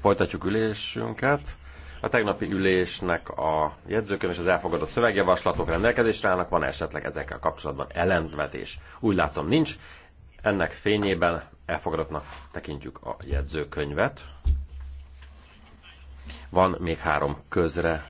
Folytatjuk ülésünket. A tegnapi ülésnek a jegyzőkön és az elfogadott szövegjavaslatok rendelkezésre állnak, van esetleg ezekkel kapcsolatban ellentvetés? Úgy látom nincs. Ennek fényében elfogadottnak tekintjük a jegyzőkönyvet. Van még három közre